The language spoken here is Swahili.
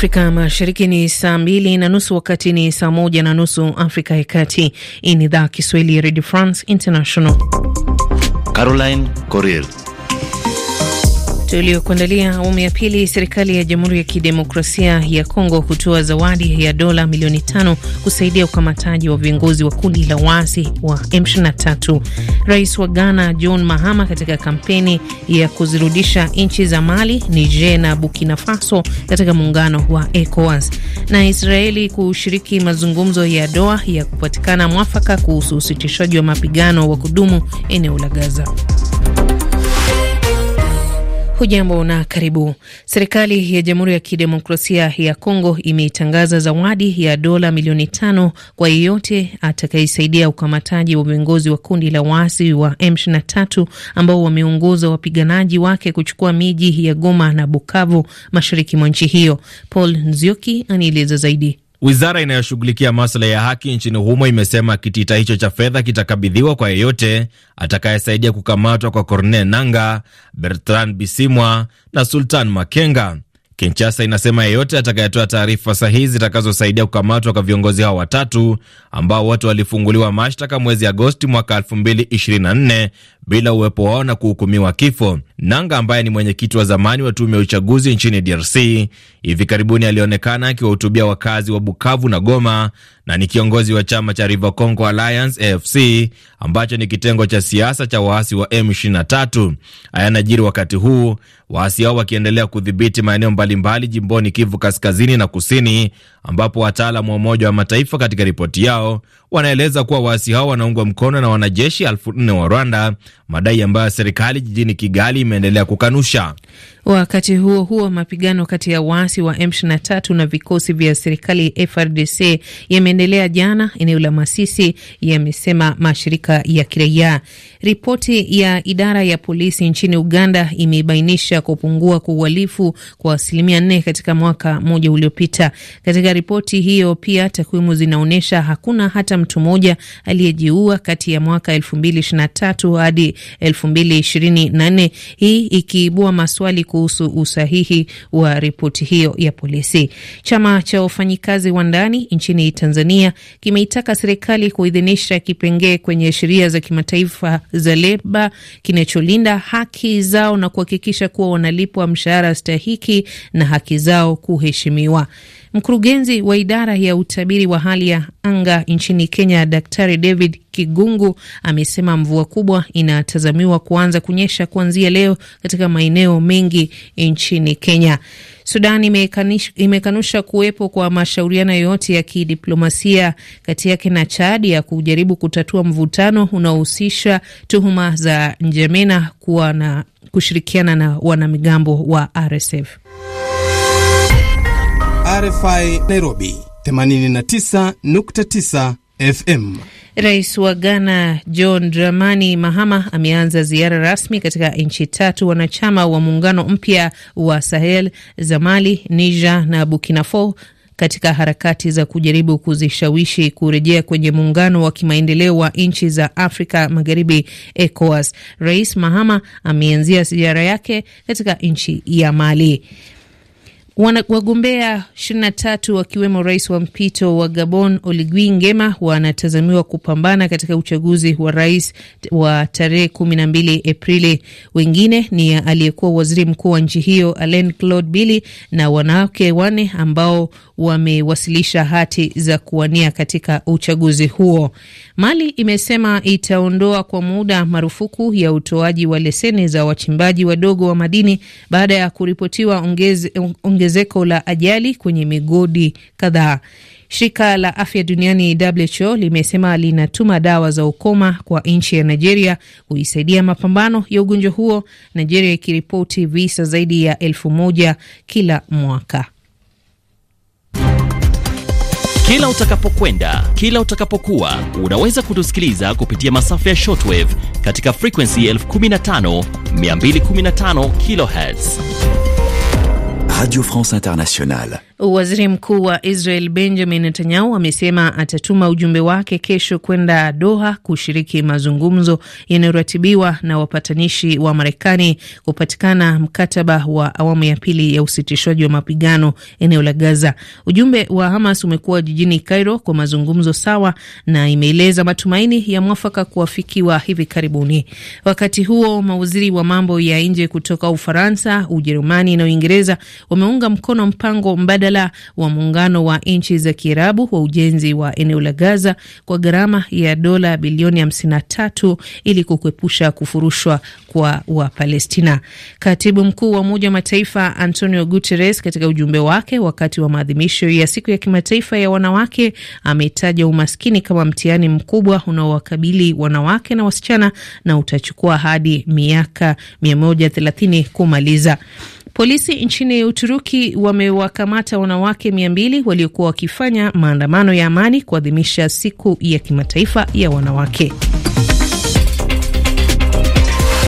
Afrika Mashariki ni saa mbili na nusu, wakati ni saa moja na nusu Afrika ya Kati. Hii ni idhaa Kiswahili ya Redio France International. Caroline Coril Tuliokuandalia awamu ya pili. Serikali ya Jamhuri ya Kidemokrasia ya Kongo kutoa zawadi ya dola milioni tano kusaidia ukamataji wa viongozi wa kundi la waasi wa M23. Rais wa Ghana John Mahama katika kampeni ya kuzirudisha nchi za Mali, Niger na Burkina Faso katika muungano wa ECOWAS. Na Israeli kushiriki mazungumzo ya Doha ya kupatikana mwafaka kuhusu usitishaji wa mapigano wa kudumu eneo la Gaza. Hujambo na karibu. Serikali ya Jamhuri ya Kidemokrasia ya Kongo imeitangaza zawadi ya dola milioni tano kwa yeyote atakayesaidia ukamataji wa viongozi wa kundi la waasi wa M23 ambao wameongoza wapiganaji wake kuchukua miji ya Goma na Bukavu mashariki mwa nchi hiyo. Paul Nzioki anaeleza zaidi. Wizara inayoshughulikia masuala ya haki nchini humo imesema kitita hicho cha fedha kitakabidhiwa kwa yeyote atakayesaidia kukamatwa kwa Corne nanga Bertrand Bisimwa na Sultan Makenga. kinchasa inasema yeyote atakayetoa taarifa sahihi zitakazosaidia kukamatwa kwa viongozi hao watatu ambao wote walifunguliwa mashtaka mwezi Agosti mwaka 2024 bila uwepo wao na kuhukumiwa kifo. Nanga ambaye ni mwenyekiti wa zamani wa tume ya uchaguzi nchini DRC hivi karibuni alionekana akiwahutubia wakazi wa Bukavu na Goma na ni kiongozi wa chama cha River Congo Alliance AFC ambacho ni kitengo cha siasa cha waasi wa M23. Ayanajiri wakati huu waasi hao wakiendelea kudhibiti maeneo mbalimbali jimboni Kivu kaskazini na kusini ambapo wataalam wa Umoja wa Mataifa katika ripoti yao wanaeleza kuwa waasi hao wanaungwa mkono na wanajeshi elfu nne wa Rwanda, madai ambayo serikali jijini Kigali imeendelea kukanusha. Wakati huo huo, mapigano kati ya waasi wa M23 na vikosi vya serikali FRDC yameendelea jana eneo la Masisi, yamesema mashirika ya kiraia. Ripoti ya idara ya polisi nchini Uganda imebainisha kupungua kwa uhalifu kwa asilimia nne katika mwaka mmoja uliopita. Katika ripoti hiyo pia takwimu zinaonyesha hakuna hata mtu mmoja aliyejiua kati ya mwaka 2023 hadi 2024, hii ikiibua maswali kuhusu usahihi wa ripoti hiyo ya polisi. Chama cha wafanyikazi wa ndani nchini Tanzania kimeitaka serikali kuidhinisha kipengee kwenye sheria za kimataifa za leba kinacholinda haki zao na kuhakikisha kuwa wanalipwa mshahara stahiki na haki zao kuheshimiwa. Mkurugenzi wa idara ya utabiri wa hali ya anga nchini Kenya, Daktari David Kigungu amesema mvua kubwa inatazamiwa kuanza kunyesha kuanzia leo katika maeneo mengi nchini Kenya. Sudan imekanusha kuwepo kwa mashauriano yoyote ya kidiplomasia kati yake na Chadi ya kujaribu kutatua mvutano unaohusisha tuhuma za njemena kuwa na kushirikiana na wanamigambo wa RSF. RFI Nairobi 89.9 FM. Rais wa Ghana John Dramani Mahama ameanza ziara rasmi katika nchi tatu wanachama wa muungano mpya wa Sahel za Mali, Niger na Burkina Faso katika harakati za kujaribu kuzishawishi kurejea kwenye muungano wa kimaendeleo wa nchi za Afrika Magharibi, ECOWAS. Rais Mahama ameanzia ziara yake katika nchi ya Mali. Wana, wagombea 23 wakiwemo rais wa mpito wa Gabon Oligui Ngema wanatazamiwa kupambana katika uchaguzi wa rais wa tarehe 12 Aprili. Wengine ni aliyekuwa waziri mkuu wa nchi hiyo Alain Claude Billy na wanawake wane ambao wamewasilisha hati za kuwania katika uchaguzi huo. Mali imesema itaondoa kwa muda marufuku ya utoaji wa leseni za wachimbaji wadogo wa madini baada ya kuripotiwa ongeze, ongezeko la ajali kwenye migodi kadhaa. Shirika la afya duniani WHO limesema linatuma dawa za ukoma kwa nchi ya Nigeria kuisaidia mapambano ya ugonjwa huo, Nigeria ikiripoti visa zaidi ya elfu moja kila mwaka. Kila utakapokwenda, kila utakapokuwa, unaweza kutusikiliza kupitia masafa ya shortwave katika frequency 15215 kHz. Radio France Internationale. Waziri Mkuu wa Israel Benjamin Netanyahu amesema atatuma ujumbe wake kesho kwenda Doha kushiriki mazungumzo yanayoratibiwa na wapatanishi wa Marekani kupatikana mkataba wa awamu ya pili ya usitishwaji wa mapigano eneo la Gaza. Ujumbe wa Hamas umekuwa jijini Cairo kwa mazungumzo sawa na imeeleza matumaini ya mwafaka kuafikiwa hivi karibuni. Wakati huo mawaziri wa mambo ya nje kutoka Ufaransa, Ujerumani na Uingereza wameunga mkono mpango mbadala wa muungano wa nchi za Kiarabu wa ujenzi wa eneo la Gaza kwa gharama ya dola bilioni 53 ili kukuepusha kufurushwa kwa Wapalestina. Katibu mkuu wa Umoja wa Mataifa Antonio Guterres, katika ujumbe wake wakati wa maadhimisho ya siku ya kimataifa ya wanawake, ametaja umaskini kama mtihani mkubwa unaowakabili wanawake na wasichana na utachukua hadi miaka 130 kumaliza. Polisi nchini Uturuki wamewakamata wanawake mia mbili waliokuwa wakifanya maandamano ya amani kuadhimisha siku ya kimataifa ya wanawake.